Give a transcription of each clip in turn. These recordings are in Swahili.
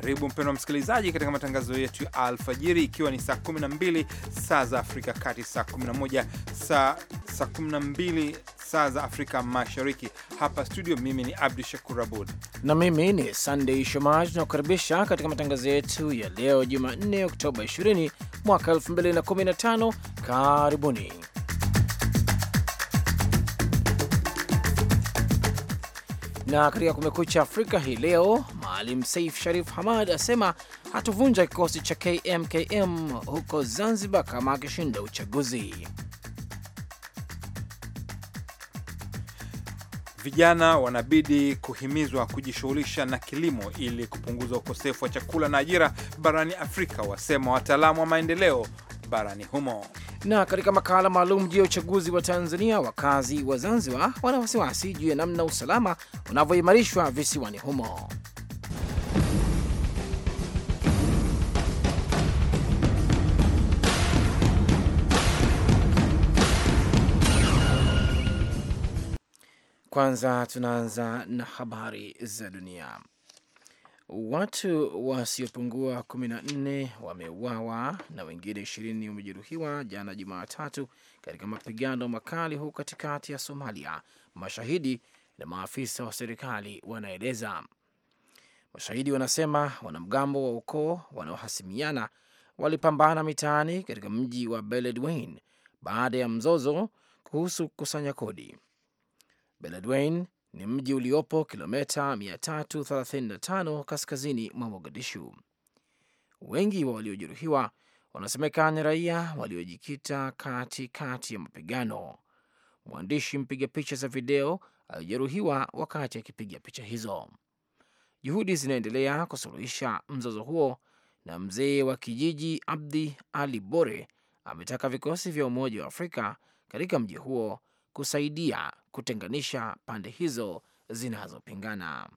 Karibu mpendwa msikilizaji, katika matangazo yetu ya alfajiri, ikiwa ni saa 12 saa za Afrika Kati, saa 11 saa, saa 12 saa za Afrika Mashariki. Hapa studio, mimi ni Abdu Shakur Abud na mimi ni Sandey Shomaj. Tunakukaribisha katika matangazo yetu ya leo Jumanne, Oktoba 20 mwaka 2015. Karibuni. Na katika Kumekucha Afrika hii leo, Maalim Saif Sharif Hamad asema hatuvunja kikosi cha KMKM huko Zanzibar kama akishinda uchaguzi. Vijana wanabidi kuhimizwa kujishughulisha na kilimo ili kupunguza ukosefu wa chakula na ajira barani Afrika, wasema wataalamu wa maendeleo barani humo. Na katika makala maalum juu ya uchaguzi wa Tanzania, wakazi wa Zanzibar wana wasiwasi juu ya namna usalama unavyoimarishwa visiwani humo. Kwanza tunaanza na habari za dunia. Watu wasiopungua kumi na nne wameuawa na wengine ishirini wamejeruhiwa jana Jumatatu katika mapigano makali huko katikati ya Somalia, mashahidi na maafisa wa serikali wanaeleza. Mashahidi wanasema wanamgambo wa ukoo wanaohasimiana walipambana mitaani katika mji wa Beledweyne baada ya mzozo kuhusu kukusanya kodi. Beledweyne ni mji uliopo kilomita 335 kaskazini mwa Mogadishu. Wengi wa waliojeruhiwa wanasemekana ni raia waliojikita kati kati ya mapigano. Mwandishi mpiga picha za video alijeruhiwa wakati akipiga picha hizo. Juhudi zinaendelea kusuluhisha mzozo huo, na mzee wa kijiji Abdi Ali Bore ametaka vikosi vya Umoja wa Afrika katika mji huo kusaidia kutenganisha pande hizo zinazopingana.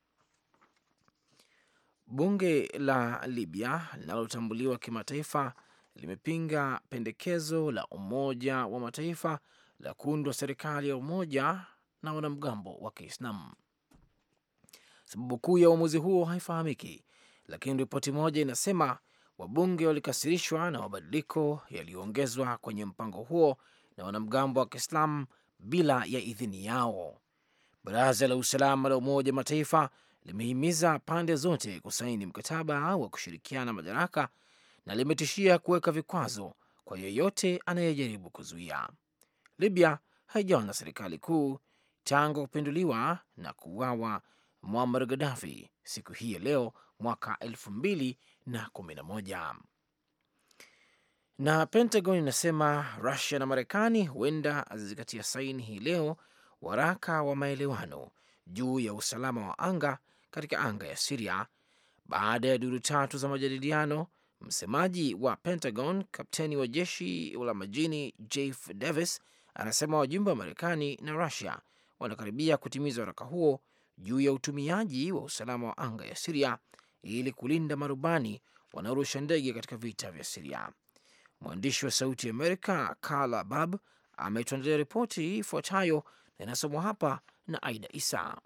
Bunge la Libya linalotambuliwa kimataifa limepinga pendekezo la Umoja wa Mataifa la kuundwa serikali ya umoja na wanamgambo wa Kiislamu. Sababu kuu ya uamuzi huo haifahamiki, lakini ripoti moja inasema wabunge walikasirishwa na mabadiliko yaliyoongezwa kwenye mpango huo na wanamgambo wa Kiislamu bila ya idhini yao. Baraza la usalama la Umoja Mataifa limehimiza pande zote kusaini mkataba wa kushirikiana madaraka na limetishia kuweka vikwazo kwa yeyote anayejaribu kuzuia. Libya haijawa na serikali kuu tangu kupinduliwa na kuuawa Muammar Gaddafi siku hii ya leo mwaka elfu mbili na kumi na moja. Na Pentagon inasema Rusia na Marekani huenda azizikatia saini hii leo waraka wa maelewano juu ya usalama wa anga katika anga ya Siria baada ya duru tatu za majadiliano. Msemaji wa Pentagon, kapteni wa jeshi la majini Jeff Davis, anasema wajumbe wa Marekani na Rusia wanakaribia kutimiza waraka huo juu ya utumiaji wa usalama wa anga ya Siria ili kulinda marubani wanaorusha ndege katika vita vya Siria. Mwandishi wa Sauti ya Amerika Carla Bab ametuandalia ripoti ifuatayo na inasomwa hapa na Aida Isa.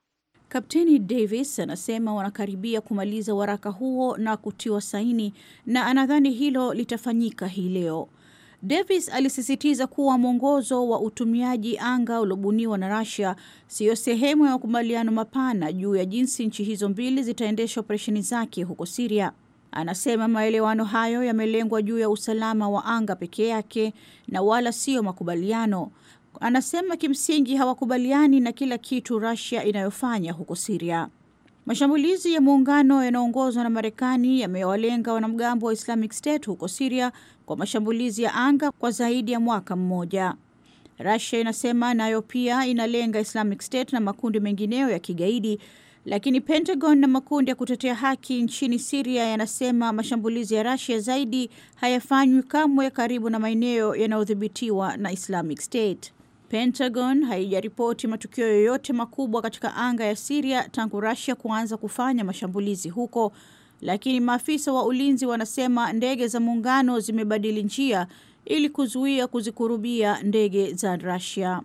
Kapteni Davis anasema wanakaribia kumaliza waraka huo na kutiwa saini na anadhani hilo litafanyika hii leo. Davis alisisitiza kuwa mwongozo wa utumiaji anga uliobuniwa na Russia siyo sehemu ya makubaliano mapana juu ya jinsi nchi hizo mbili zitaendesha operesheni zake huko Siria. Anasema maelewano hayo yamelengwa juu ya usalama wa anga peke yake na wala siyo makubaliano. Anasema kimsingi hawakubaliani na kila kitu Russia inayofanya huko Siria. Mashambulizi ya muungano yanayoongozwa na Marekani yamewalenga wanamgambo wa Islamic State huko Siria kwa mashambulizi ya anga kwa zaidi ya mwaka mmoja. Russia inasema nayo pia inalenga Islamic State na makundi mengineyo ya kigaidi lakini Pentagon na makundi ya kutetea haki nchini Siria yanasema mashambulizi ya Rasia zaidi hayafanywi kamwe karibu na maeneo yanayodhibitiwa na Islamic State. Pentagon haijaripoti matukio yoyote makubwa katika anga ya Siria tangu Rasia kuanza kufanya mashambulizi huko, lakini maafisa wa ulinzi wanasema ndege za muungano zimebadili njia ili kuzuia kuzikurubia ndege za Rasia.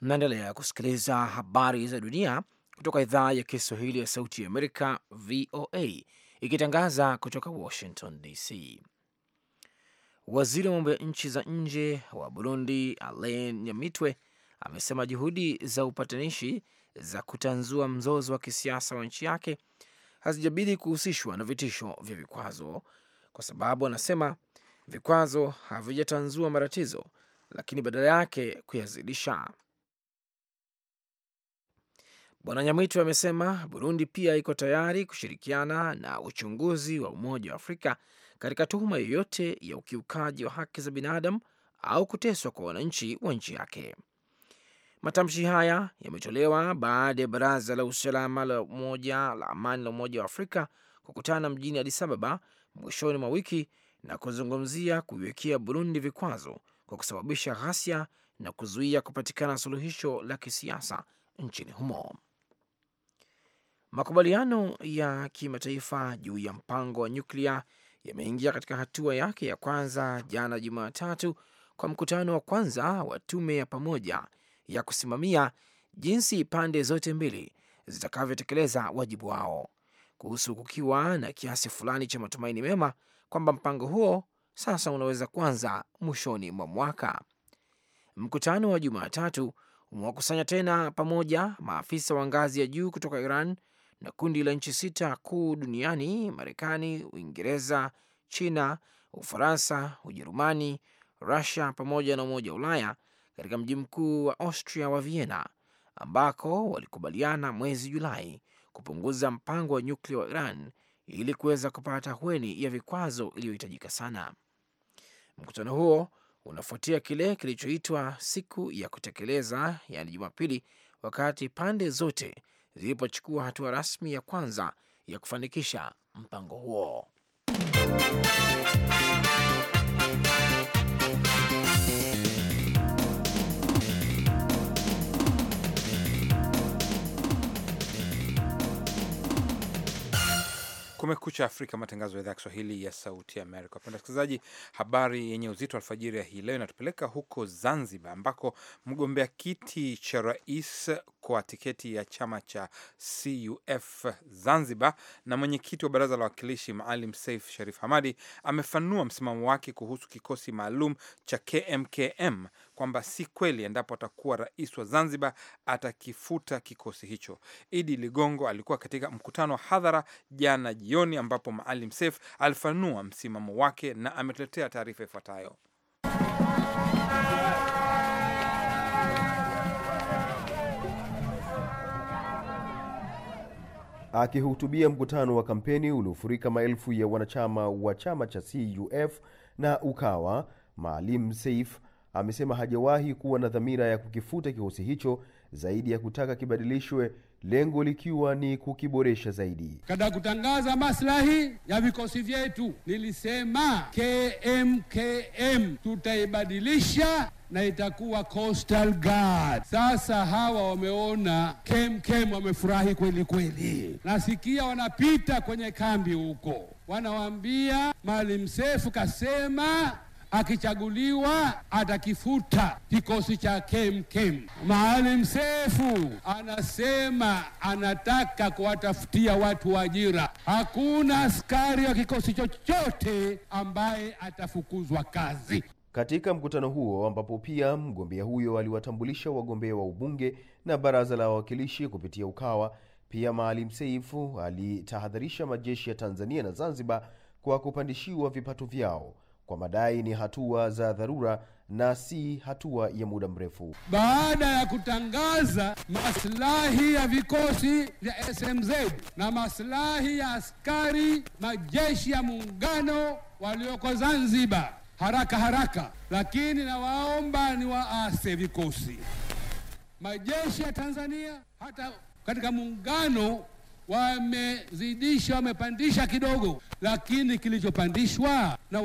Mnaendelea kusikiliza habari za dunia kutoka idhaa ya Kiswahili ya Sauti ya Amerika, VOA, ikitangaza kutoka Washington DC. Waziri wa mambo ya nchi za nje wa Burundi, Alain Nyamitwe, amesema juhudi za upatanishi za kutanzua mzozo wa kisiasa wa nchi yake hazijabidi kuhusishwa na vitisho vya vikwazo, kwa sababu anasema vikwazo havijatanzua matatizo, lakini badala yake kuyazidisha. Bwana Nyamwitu amesema Burundi pia iko tayari kushirikiana na uchunguzi wa Umoja wa Afrika katika tuhuma yoyote ya ukiukaji wa haki za binadamu au kuteswa kwa wananchi wa nchi yake. Matamshi haya yametolewa baada ya Baraza la Usalama la Umoja la Amani la Umoja wa Afrika kukutana mjini Addis Ababa mwishoni mwa wiki na kuzungumzia kuiwekea Burundi vikwazo kwa kusababisha ghasia na kuzuia kupatikana suluhisho la kisiasa nchini humo. Makubaliano ya kimataifa juu ya mpango wa nyuklia yameingia katika hatua yake ya kwanza jana Jumatatu kwa mkutano wa kwanza wa tume ya pamoja ya kusimamia jinsi pande zote mbili zitakavyotekeleza wajibu wao, kuhusu kukiwa na kiasi fulani cha matumaini mema kwamba mpango huo sasa unaweza kuanza mwishoni mwa mwaka. Mkutano wa Jumatatu umewakusanya tena pamoja maafisa wa ngazi ya juu kutoka Iran na kundi la nchi sita kuu duniani Marekani, Uingereza, China, Ufaransa, Ujerumani, Rusia pamoja na Umoja wa Ulaya katika mji mkuu wa Austria wa Vienna, ambako walikubaliana mwezi Julai kupunguza mpango wa nyuklia wa Iran ili kuweza kupata hweni ya vikwazo iliyohitajika sana. Mkutano huo unafuatia kile kilichoitwa siku ya kutekeleza, yaani Jumapili, wakati pande zote zilipochukua hatua rasmi ya kwanza ya kufanikisha mpango huo. Kumekucha Afrika, matangazo ya idhaa ya Kiswahili ya Sauti Amerika. Wapenda wasikilizaji, habari yenye uzito alfajiri ya hii leo inatupeleka huko Zanzibar, ambako mgombea kiti cha rais kwa tiketi ya chama cha CUF Zanzibar, na mwenyekiti wa baraza la wakilishi Maalim Saif Sharif Hamadi amefanua msimamo wake kuhusu kikosi maalum cha KMKM kwamba si kweli endapo atakuwa rais wa Zanzibar atakifuta kikosi hicho. Idi Ligongo alikuwa katika mkutano wa hadhara jana jioni, ambapo Maalim Saif alifanua msimamo wake na ametuletea taarifa ifuatayo. Akihutubia mkutano wa kampeni uliofurika maelfu ya wanachama wa chama cha CUF na Ukawa, Maalim Seif amesema hajawahi kuwa na dhamira ya kukifuta kikosi hicho zaidi ya kutaka kibadilishwe lengo likiwa ni kukiboresha zaidi. Kada kutangaza maslahi ya vikosi vyetu, nilisema KMKM tutaibadilisha na itakuwa Coastal Guard. Sasa hawa wameona KMKM, wamefurahi kweli kweli. Nasikia wanapita kwenye kambi huko, wanawaambia Maalim Seif kasema akichaguliwa atakifuta kikosi cha kemkem. Maalim Sefu anasema anataka kuwatafutia watu wa ajira. Hakuna askari wa kikosi chochote ambaye atafukuzwa kazi. Katika mkutano huo ambapo pia mgombea huyo aliwatambulisha wagombea wa ubunge na baraza la wawakilishi kupitia UKAWA, pia Maalim Seif alitahadharisha majeshi ya Tanzania na Zanzibar kwa kupandishiwa vipato vyao kwa madai ni hatua za dharura na si hatua ya muda mrefu. Baada ya kutangaza maslahi ya vikosi vya SMZ na maslahi ya askari majeshi ya muungano walioko Zanzibar haraka haraka, lakini nawaomba ni waase vikosi majeshi ya Tanzania hata katika muungano wamezidisha, wamepandisha kidogo, lakini kilichopandishwa na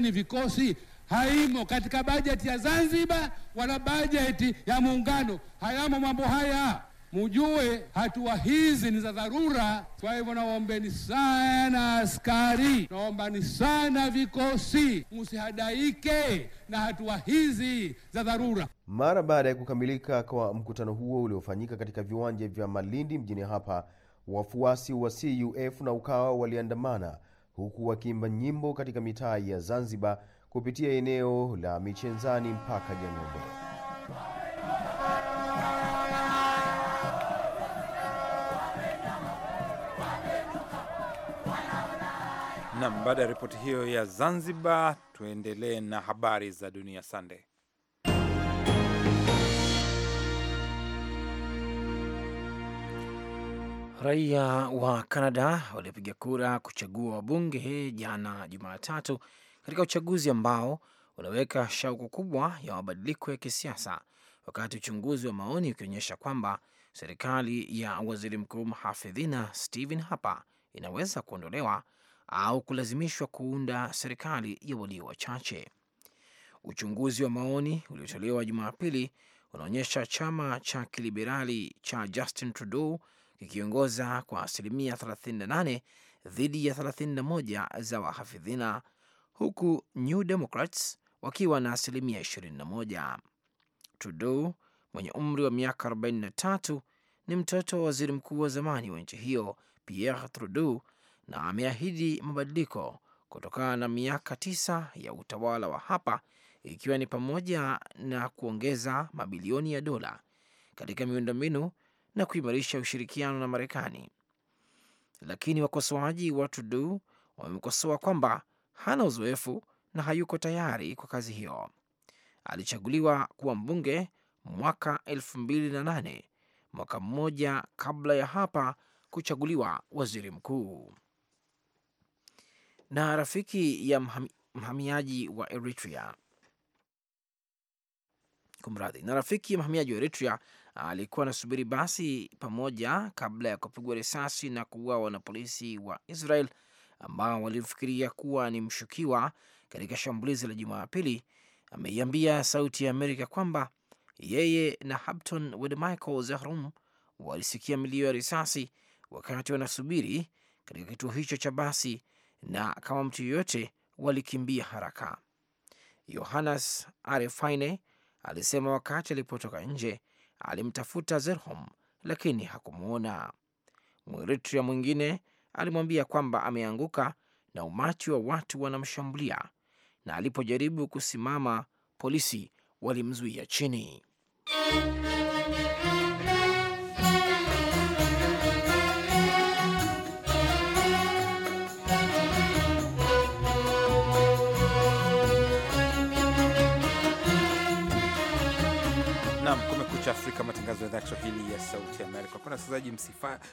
vikosi haimo katika bajeti ya Zanzibar wala bajeti ya Muungano, hayamo mambo haya. Mujue hatua hizi ni za dharura. Kwa hivyo, nawaombeni sana askari, naombani sana vikosi, msihadaike na hatua hizi za dharura. Mara baada ya kukamilika kwa mkutano huo uliofanyika katika viwanja vya Malindi mjini hapa Wafuasi wa CUF na UKAWA waliandamana huku wakiimba nyimbo katika mitaa ya Zanzibar kupitia eneo la Michenzani mpaka Jang'ombe. Nam, baada ya ripoti hiyo ya Zanzibar, tuendelee na habari za dunia. sandey Raia wa Kanada waliopiga kura kuchagua wabunge jana Jumatatu, katika uchaguzi ambao unaweka shauku kubwa ya mabadiliko ya kisiasa, wakati uchunguzi wa maoni ukionyesha kwamba serikali ya waziri mkuu mhafidhina Stephen Harper inaweza kuondolewa au kulazimishwa kuunda serikali ya walio wachache. Uchunguzi wa maoni uliotolewa Jumapili unaonyesha chama cha kiliberali cha Justin Trudeau kikiongoza kwa asilimia 38 dhidi ya 31 za wahafidhina, huku New Democrats wakiwa na asilimia 21. Trudeau mwenye umri wa miaka 43 ni mtoto wa waziri mkuu wa zamani wa nchi hiyo Pierre Trudeau, na ameahidi mabadiliko kutokana na miaka tisa ya utawala wa hapa, ikiwa ni pamoja na kuongeza mabilioni ya dola katika miundombinu na kuimarisha ushirikiano na Marekani. Lakini wakosoaji wa Trudeau wamekosoa kwamba hana uzoefu na hayuko tayari kwa kazi hiyo. Alichaguliwa kuwa mbunge mwaka 2008 mwaka mmoja kabla ya hapa kuchaguliwa waziri mkuu. Na rafiki ya mhamiaji wa Eritrea kumradhi, na rafiki mhamiaji wa Eritrea ah, alikuwa anasubiri basi pamoja kabla ya kupigwa risasi na kuuawa na polisi wa Israel ambao walimfikiria kuwa ni mshukiwa katika shambulizi la Jumapili. Ameiambia Sauti ya Amerika kwamba yeye na Habton Wedmichael Zahrum walisikia milio ya risasi wakati wanasubiri katika kituo hicho cha basi, na kama mtu yeyote walikimbia haraka. Yohannes Arefaine alisema wakati alipotoka nje alimtafuta Zerhom lakini hakumwona. Mwiritria mwingine alimwambia kwamba ameanguka na umati wa watu wanamshambulia, na alipojaribu kusimama polisi walimzuia chini. matangazo ya idhaa Kiswahili ya Sauti Amerika. Wapenda wasikilizaji,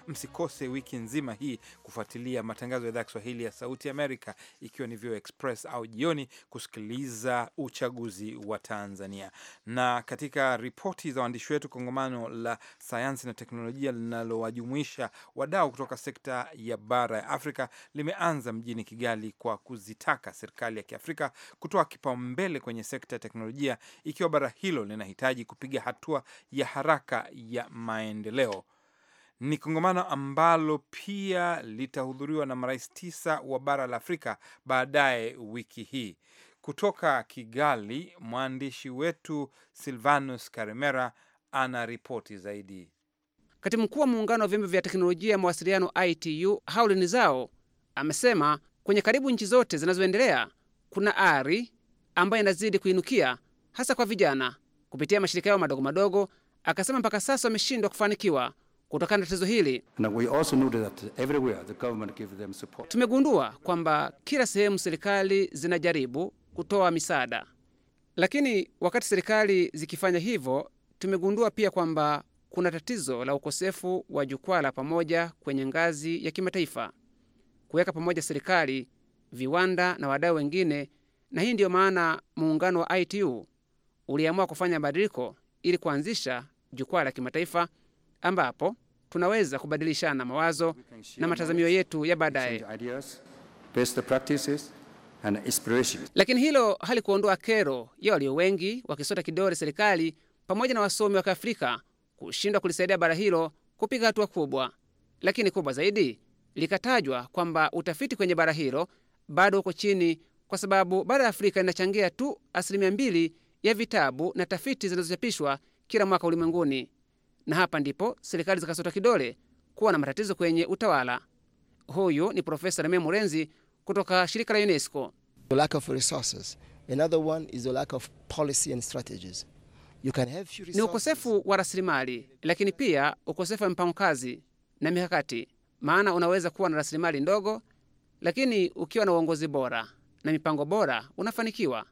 msikose wiki nzima hii kufuatilia matangazo ya idhaa Kiswahili ya Sauti Amerika, ikiwa ni Vio Express au jioni kusikiliza uchaguzi wa Tanzania. Na katika ripoti za waandishi wetu, kongamano la sayansi na teknolojia linalowajumuisha wadau kutoka sekta ya bara ya Afrika limeanza mjini Kigali kwa kuzitaka serikali ya Kiafrika kutoa kipaumbele kwenye sekta ya teknolojia, ikiwa bara hilo linahitaji kupiga hatua ya haraka mamlaka ya maendeleo. Ni kongamano ambalo pia litahudhuriwa na marais tisa wa bara la Afrika baadaye wiki hii. Kutoka Kigali, mwandishi wetu Silvanus Karimera ana ripoti zaidi. Katibu mkuu wa muungano wa vyombo vya teknolojia ya mawasiliano ITU Hauleni Zao amesema kwenye karibu nchi zote zinazoendelea kuna ari ambayo inazidi kuinukia hasa kwa vijana kupitia mashirika yao madogo madogo Akasema mpaka sasa wameshindwa kufanikiwa kutokana na tatizo hili. Tumegundua kwamba kila sehemu serikali zinajaribu kutoa misaada, lakini wakati serikali zikifanya hivyo, tumegundua pia kwamba kuna tatizo la ukosefu wa jukwaa la pamoja kwenye ngazi ya kimataifa kuweka pamoja serikali, viwanda na wadau wengine, na hii ndiyo maana muungano wa ITU uliamua kufanya mabadiliko ili kuanzisha jukwaa la kimataifa ambapo tunaweza kubadilishana mawazo na matazamio yetu ya baadaye. Lakini hilo halikuondoa kero ya walio wengi wakisota kidole serikali pamoja na wasomi wa Kiafrika kushindwa kulisaidia bara hilo kupiga hatua kubwa. Lakini kubwa zaidi, likatajwa kwamba utafiti kwenye bara hilo bado uko chini, kwa sababu bara la Afrika linachangia tu asilimia mbili ya vitabu na tafiti zinazochapishwa kila mwaka ulimwenguni, na hapa ndipo serikali zikasota kidole kuwa na matatizo kwenye utawala. Huyu ni Profesa Reme Murenzi kutoka shirika la UNESCO. Ni ukosefu wa rasilimali, lakini pia ukosefu wa mpango kazi na mikakati, maana unaweza kuwa na rasilimali ndogo, lakini ukiwa na uongozi bora na mipango bora unafanikiwa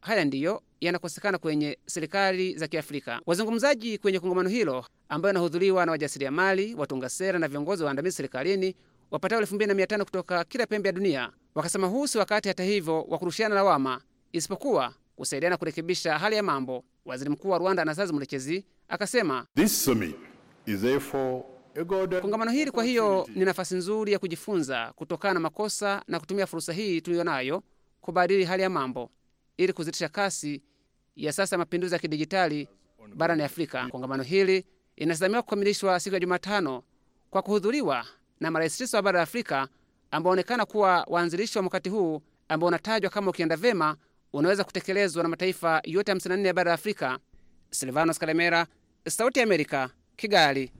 haya ndiyo yanakosekana kwenye serikali za Kiafrika. Wazungumzaji kwenye kongamano hilo ambayo inahudhuriwa na wajasiriamali, watunga sera na viongozi waandamizi serikalini wapatao elfu mbili na mia tano kutoka kila pembe ya dunia wakasema huu si wakati hata hivyo wa kurushiana lawama, isipokuwa kusaidiana kurekebisha hali ya mambo. Waziri Mkuu wa Rwanda Anasazi Murekezi akasema kongamano hili kwa hiyo ni nafasi nzuri ya kujifunza kutokana na makosa na kutumia fursa hii tuliyo nayo kubadili hali ya mambo ili kuzitisha kasi ya sasa mapinduzi ya kidijitali barani Afrika. Kongamano hili inatazamiwa kukamilishwa siku ya Jumatano kwa kuhudhuriwa na marais tisa wa bara la Afrika ambao onekana kuwa waanzilishi wa mwakati huu ambao unatajwa kama ukienda vema unaweza kutekelezwa na mataifa yote 54 ya bara la Afrika. Silvanos Karemera, Sauti ya Amerika, Kigali.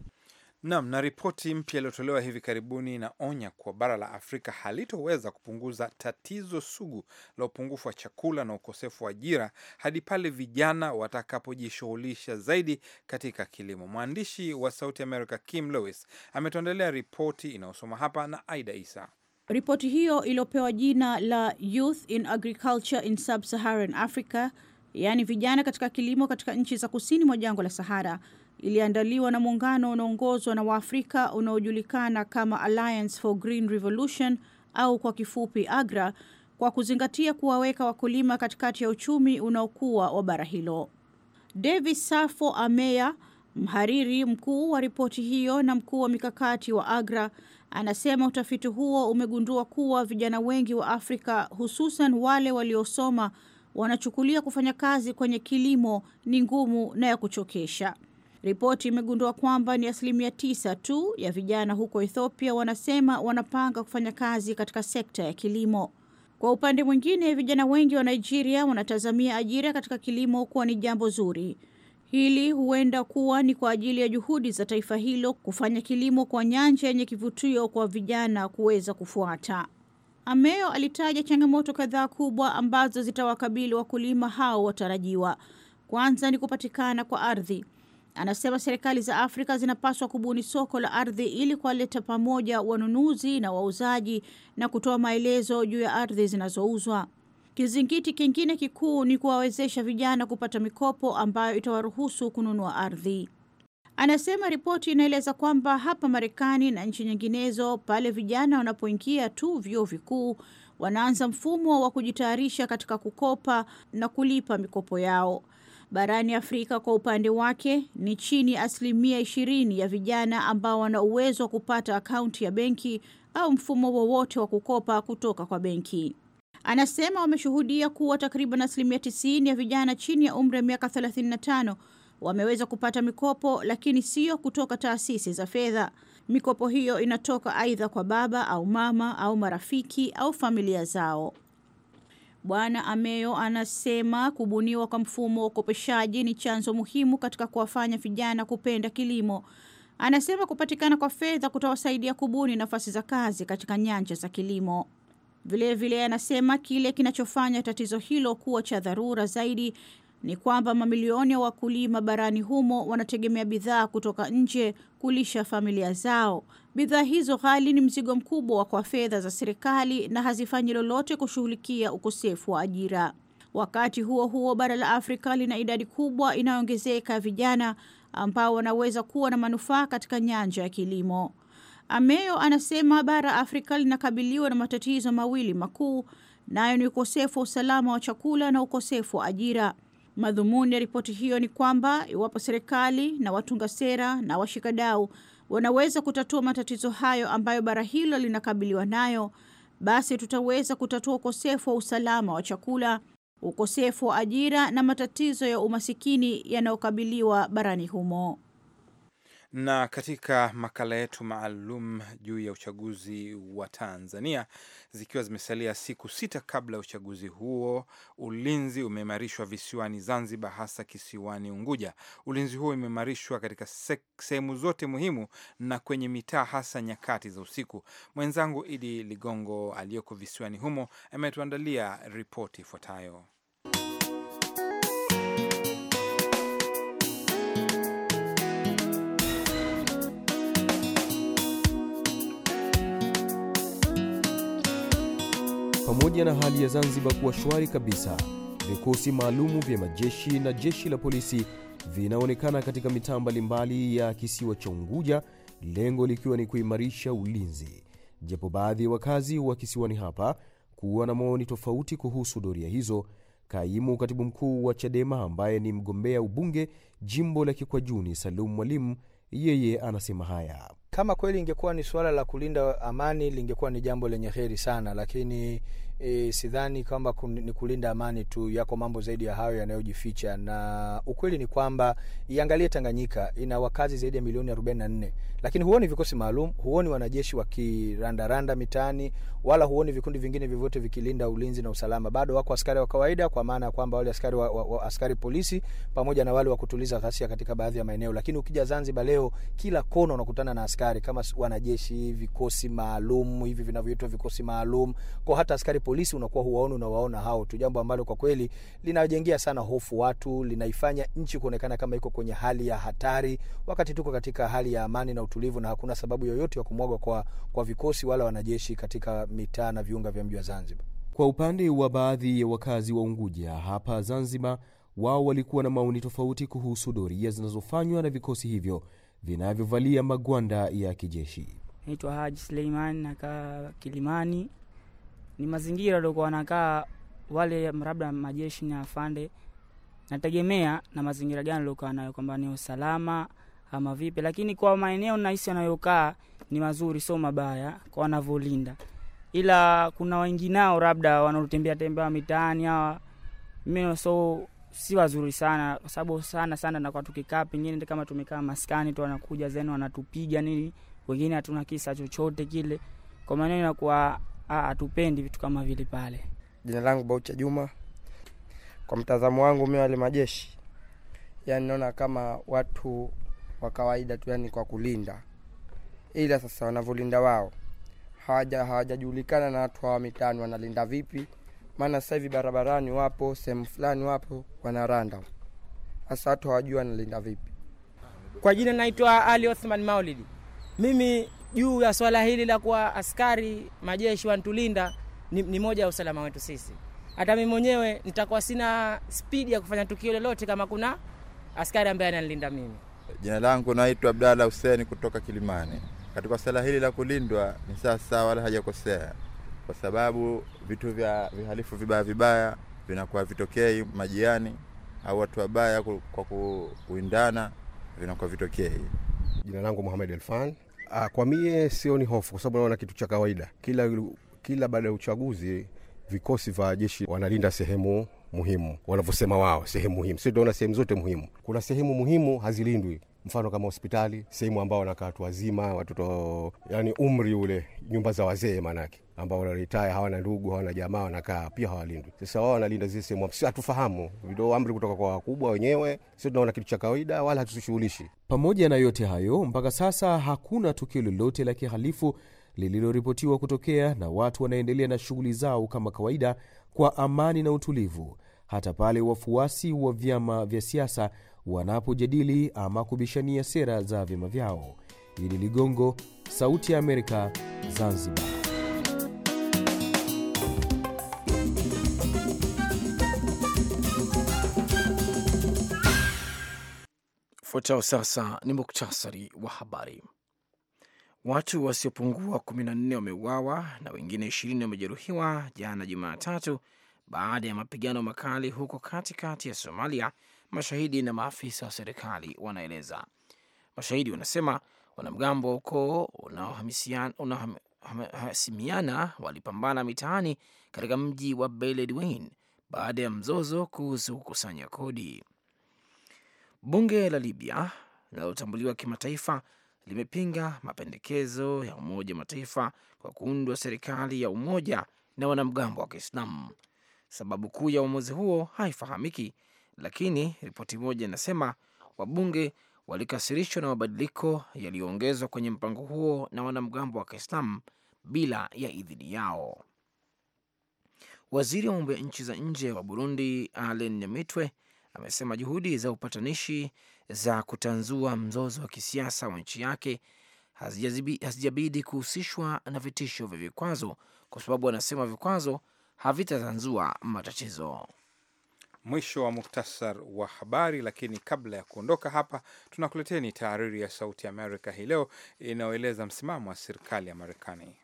Nam na ripoti mpya iliyotolewa hivi karibuni inaonya kuwa bara la Afrika halitoweza kupunguza tatizo sugu la upungufu wa chakula na ukosefu wa ajira hadi pale vijana watakapojishughulisha zaidi katika kilimo. Mwandishi wa Sauti America Kim Lewis ametuandalia ripoti inayosoma hapa na Aida Isa. Ripoti hiyo iliyopewa jina la Youth in Agriculture in Sub-Saharan Africa, yaani vijana katika kilimo katika nchi za kusini mwa jangwa la Sahara iliandaliwa na muungano unaongozwa na Waafrika unaojulikana kama Alliance for Green Revolution au kwa kifupi AGRA kwa kuzingatia kuwaweka wakulima katikati ya uchumi unaokuwa wa bara hilo. Davis Safo Ameya, mhariri mkuu wa ripoti hiyo na mkuu wa mikakati wa AGRA, anasema utafiti huo umegundua kuwa vijana wengi wa Afrika hususan wale waliosoma wanachukulia kufanya kazi kwenye kilimo ni ngumu na ya kuchokesha. Ripoti imegundua kwamba ni asilimia tisa tu ya vijana huko Ethiopia wanasema wanapanga kufanya kazi katika sekta ya kilimo. Kwa upande mwingine, vijana wengi wa Nigeria wanatazamia ajira katika kilimo kuwa ni jambo zuri. Hili huenda kuwa ni kwa ajili ya juhudi za taifa hilo kufanya kilimo kwa nyanja yenye kivutio kwa vijana kuweza kufuata. Ameo alitaja changamoto kadhaa kubwa ambazo zitawakabili wakulima hao watarajiwa. Kwanza ni kupatikana kwa ardhi. Anasema serikali za Afrika zinapaswa kubuni soko la ardhi ili kuwaleta pamoja wanunuzi na wauzaji na kutoa maelezo juu ya ardhi zinazouzwa. Kizingiti kingine kikuu ni kuwawezesha vijana kupata mikopo ambayo itawaruhusu kununua ardhi. Anasema ripoti inaeleza kwamba hapa Marekani na nchi nyinginezo, pale vijana wanapoingia tu vyuo vikuu, wanaanza mfumo wa kujitayarisha katika kukopa na kulipa mikopo yao. Barani Afrika kwa upande wake ni chini ya asilimia ishirini ya vijana ambao wana uwezo wa kupata akaunti ya benki au mfumo wowote wa kukopa kutoka kwa benki. Anasema wameshuhudia kuwa takriban asilimia 90 ya vijana chini ya umri wa miaka 35 wameweza kupata mikopo, lakini sio kutoka taasisi za fedha. Mikopo hiyo inatoka aidha kwa baba au mama au marafiki au familia zao. Bwana Ameyo anasema kubuniwa kwa mfumo wa ukopeshaji ni chanzo muhimu katika kuwafanya vijana kupenda kilimo. Anasema kupatikana kwa fedha kutawasaidia kubuni nafasi za kazi katika nyanja za kilimo. Vilevile vile anasema kile kinachofanya tatizo hilo kuwa cha dharura zaidi ni kwamba mamilioni ya wakulima barani humo wanategemea bidhaa kutoka nje kulisha familia zao. Bidhaa hizo ghali ni mzigo mkubwa kwa fedha za serikali na hazifanyi lolote kushughulikia ukosefu wa ajira. Wakati huo huo, bara la Afrika lina idadi kubwa inayoongezeka ya vijana ambao wanaweza kuwa na manufaa katika nyanja ya kilimo. Ameyo anasema bara Afrika linakabiliwa na matatizo mawili makuu, nayo ni ukosefu wa usalama wa chakula na ukosefu wa ajira. Madhumuni ya ripoti hiyo ni kwamba iwapo serikali na watunga sera na washikadau wanaweza kutatua matatizo hayo ambayo bara hilo linakabiliwa nayo, basi tutaweza kutatua ukosefu wa usalama wa chakula, ukosefu wa ajira na matatizo ya umasikini yanayokabiliwa barani humo. Na katika makala yetu maalum juu ya uchaguzi wa Tanzania, zikiwa zimesalia siku sita kabla ya uchaguzi huo, ulinzi umeimarishwa visiwani Zanzibar, hasa kisiwani Unguja. Ulinzi huo umeimarishwa katika sehemu zote muhimu na kwenye mitaa, hasa nyakati za usiku. Mwenzangu Idi Ligongo aliyoko visiwani humo ametuandalia ripoti ifuatayo. Pamoja na hali ya Zanzibar kuwa shwari kabisa, vikosi maalumu vya majeshi na jeshi la polisi vinaonekana katika mitaa mbalimbali ya kisiwa cha Unguja, lengo likiwa ni kuimarisha ulinzi, japo baadhi ya wakazi wa kisiwani hapa kuwa na maoni tofauti kuhusu doria hizo. Kaimu katibu mkuu wa CHADEMA ambaye ni mgombea ubunge jimbo la Kikwajuni, Salum Mwalimu, yeye anasema haya. Kama kweli ingekuwa ni suala la kulinda amani lingekuwa ni jambo lenye heri sana, lakini e, sidhani kwamba ni kulinda amani tu, yako mambo zaidi ya hayo yanayojificha, na ukweli ni kwamba iangalie Tanganyika ina wakazi zaidi ya milioni 44, lakini huoni vikosi maalum, huoni wanajeshi wakirandaranda mitaani, wala huoni vikundi vingine vyovyote vikilinda ulinzi na usalama. Bado wako askari wa kawaida, kwa maana ya kwamba wale askari wa, wa, wa, askari polisi pamoja na wale wa kutuliza ghasia katika baadhi ya maeneo, lakini ukija Zanzibar leo, kila kona unakutana na askari askari kama wanajeshi, vikosi maalum hivi vinavyoitwa vikosi maalum, kwa hata askari polisi unakuwa huwaona, unawaona hao tu, jambo ambalo kwa kweli linajengea sana hofu watu, linaifanya nchi kuonekana kama iko kwenye hali ya hatari, wakati tuko katika hali ya amani na utulivu, na hakuna sababu yoyote ya kumwagwa kwa, kwa vikosi wala wanajeshi katika mitaa na viunga vya mji wa Zanzibar. Kwa upande wa baadhi ya wakazi wa Unguja hapa Zanzibar, wao walikuwa na maoni tofauti kuhusu doria zinazofanywa na vikosi hivyo vinavyovalia magwanda ya kijeshi. Naitwa Haji Suleiman, nakaa Kilimani. Ni mazingira aliokuwa wanakaa wale labda majeshi na afande, nategemea na mazingira gani waliokaa nayo, kwamba ni usalama ama vipi, lakini kwa maeneo nahisi wanayokaa ni mazuri, sio mabaya kwa wanavyolinda, ila kuna wengi nao labda wanaotembea tembea mitaani hawa, mimi so si wazuri sana, kwa sababu sana sana nakuwa tukikaa pengine kama tumekaa maskani tu, wanakuja zenu wanatupiga nini, wengine hatuna kisa chochote kile, kwa maneno inakuwa hatupendi vitu kama vile pale. Jina langu Baucha Juma. Kwa mtazamo wangu mi wale majeshi yani naona kama watu wa kawaida tu, yani kwa kulinda, ila sasa wanavyolinda wao hawajajulikana na watu hawa mitaani wanalinda vipi maana sasa hivi barabarani wapo sehemu fulani wapo wanaranda, hasa watu hawajua wanalinda vipi. Kwa jina naitwa Ali Othman Maulidi. Mimi juu ya swala hili la kuwa askari majeshi wantulinda ni, ni moja ya usalama wetu sisi. Hata mimi mwenyewe nitakuwa sina spidi ya kufanya tukio lolote kama kuna askari ambaye ananilinda mimi. Jina langu naitwa Abdalla huseni kutoka Kilimani. Katika swala hili la kulindwa ni sawa sawa, wala hajakosea kwa sababu vitu vya vihalifu vibaya vibaya vinakuwa vitokei majiani au watu wabaya kwa kuwindana vinakuwa vitokei. Jina langu Muhamed Elfan. Ah, kwa mie sioni hofu kwa sababu naona kitu cha kawaida. Kila, kila baada ya uchaguzi vikosi vya jeshi wanalinda sehemu muhimu, wanavyosema wao, sehemu muhimu. sio tunaona sehemu zote muhimu, kuna sehemu muhimu hazilindwi mfano kama hospitali, sehemu ambao wanakaa watu wazima, watoto, yani umri ule, nyumba za wazee, maanake ambao wanaritaya hawana ndugu, hawana jamaa, wanakaa pia hawalindwi. Sasa wao wanalinda zile sehemu, sisi hatufahamu, vido amri kutoka kwa wakubwa wenyewe. Sio tunaona kitu cha kawaida, wala hatusishughulishi. Pamoja na yote hayo, mpaka sasa hakuna tukio lolote la kihalifu lililoripotiwa kutokea, na watu wanaendelea na shughuli zao kama kawaida kwa amani na utulivu, hata pale wafuasi wa vyama vya siasa wanapojadili ama kubishania sera za vyama vyao. hili Ligongo, Sauti ya Amerika, Zanzibar. Ufuatao sasa ni muktasari wa habari. Watu wasiopungua 14 wameuawa na wengine ishirini wamejeruhiwa jana Jumatatu baada ya mapigano makali huko katikati ya Somalia, mashahidi na maafisa wa serikali wanaeleza. Mashahidi wanasema wanamgambo wa ukoo unaohasimiana walipambana mitaani katika mji wa Beledweyne baada ya mzozo kuhusu kukusanya kodi. Bunge la Libya linalotambuliwa kimataifa limepinga mapendekezo ya Umoja wa Mataifa kwa kuundwa serikali ya umoja na wanamgambo wa Kiislamu. Sababu kuu ya uamuzi huo haifahamiki, lakini ripoti moja inasema wabunge walikasirishwa na mabadiliko yaliyoongezwa kwenye mpango huo na wanamgambo wa Kiislamu bila ya idhini yao. Waziri wa mambo ya nchi za nje wa Burundi Alain Nyamitwe amesema juhudi za upatanishi za kutanzua mzozo wa kisiasa wa nchi yake hazijabidi kuhusishwa na vitisho vya vikwazo, kwa sababu anasema vikwazo havitatanzua matatizo. Mwisho wa muktasar wa habari. Lakini kabla ya kuondoka hapa, ni tahariri ya Sauti ya Amerika hii leo inayoeleza msimamo wa serikali ya Marekani.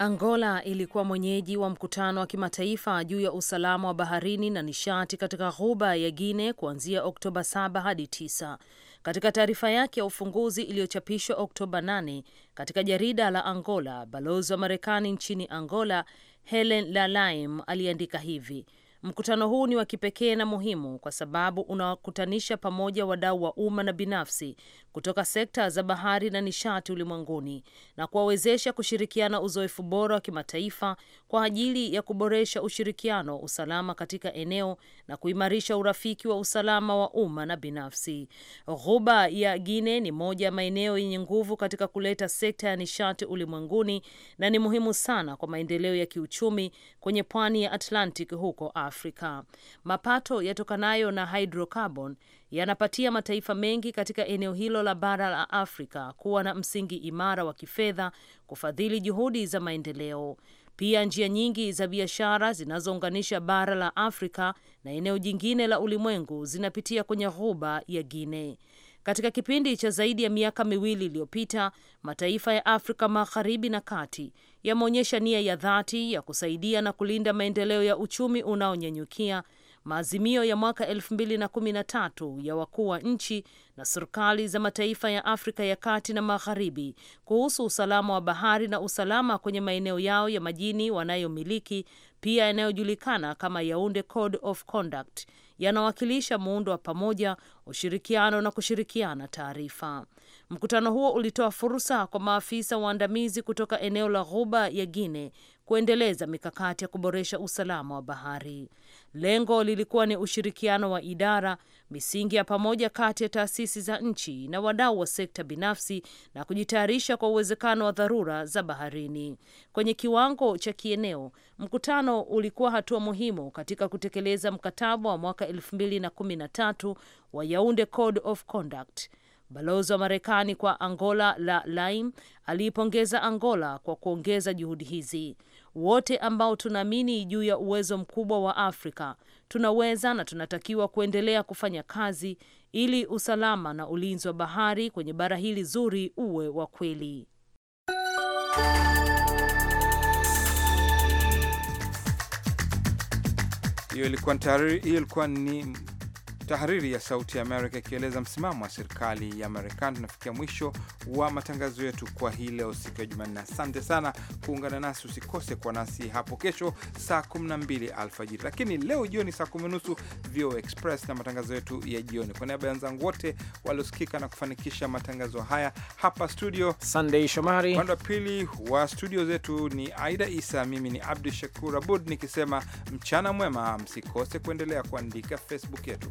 Angola ilikuwa mwenyeji wa mkutano wa kimataifa juu ya usalama wa baharini na nishati katika ghuba ya Guine kuanzia Oktoba 7 hadi 9. Katika taarifa yake ya ufunguzi iliyochapishwa Oktoba 8 katika jarida la Angola, balozi wa Marekani nchini Angola Helen Lalaim aliandika hivi: Mkutano huu ni wa kipekee na muhimu kwa sababu unawakutanisha pamoja wadau wa umma na binafsi kutoka sekta za bahari na nishati ulimwenguni na kuwawezesha kushirikiana uzoefu bora wa kimataifa kwa ajili ya kuboresha ushirikiano, usalama katika eneo na kuimarisha urafiki wa usalama wa umma na binafsi. Ghuba ya Guine ni moja ya maeneo yenye nguvu katika kuleta sekta ya nishati ulimwenguni na ni muhimu sana kwa maendeleo ya kiuchumi kwenye pwani ya Atlantic huko Afrika. Afrika. Mapato yatokanayo na hydrocarbon yanapatia mataifa mengi katika eneo hilo la bara la Afrika kuwa na msingi imara wa kifedha kufadhili juhudi za maendeleo. Pia njia nyingi za biashara zinazounganisha bara la Afrika na eneo jingine la ulimwengu zinapitia kwenye ghuba ya Guinea. Katika kipindi cha zaidi ya miaka miwili iliyopita, mataifa ya Afrika Magharibi na Kati yameonyesha nia ya dhati ya kusaidia na kulinda maendeleo ya uchumi unaonyanyukia Maazimio ya mwaka 2013 ya wakuu wa nchi na serikali za mataifa ya Afrika ya Kati na Magharibi kuhusu usalama wa bahari na usalama kwenye maeneo yao ya majini wanayomiliki, pia yanayojulikana kama Yaounde Code of Conduct yanawakilisha muundo wa pamoja, ushirikiano na kushirikiana taarifa. Mkutano huo ulitoa fursa kwa maafisa waandamizi kutoka eneo la Ghuba ya guine kuendeleza mikakati ya kuboresha usalama wa bahari. Lengo lilikuwa ni ushirikiano wa idara misingi ya pamoja kati ya taasisi za nchi na wadau wa sekta binafsi na kujitayarisha kwa uwezekano wa dharura za baharini. Kwenye kiwango cha kieneo, mkutano ulikuwa hatua muhimu katika kutekeleza mkataba wa mwaka 2013 wa Yaunde Code of Conduct. Balozi wa Marekani kwa Angola la lim aliipongeza Angola kwa kuongeza juhudi hizi wote ambao tunaamini juu ya uwezo mkubwa wa Afrika tunaweza na tunatakiwa kuendelea kufanya kazi ili usalama na ulinzi wa bahari kwenye bara hili zuri uwe wa kweli. Hiyo ilikuwa ni Tahariri ya Sauti ya Amerika ikieleza msimamo wa serikali ya Marekani. Tunafikia mwisho wa matangazo yetu kwa hii leo, siku ya Jumanne. Asante sana kuungana nasi, usikose kwa nasi hapo kesho saa 12 alfajiri, lakini leo jioni saa kumi nusu VOA Express na matangazo yetu ya jioni. Kwa niaba ya wenzangu wote waliosikika na kufanikisha matangazo haya hapa studio, Sandei Shomari upande wa pili wa studio zetu ni Aida Isa, mimi ni Abdu Shakur Abud nikisema mchana mwema, msikose kuendelea kuandika Facebook yetu.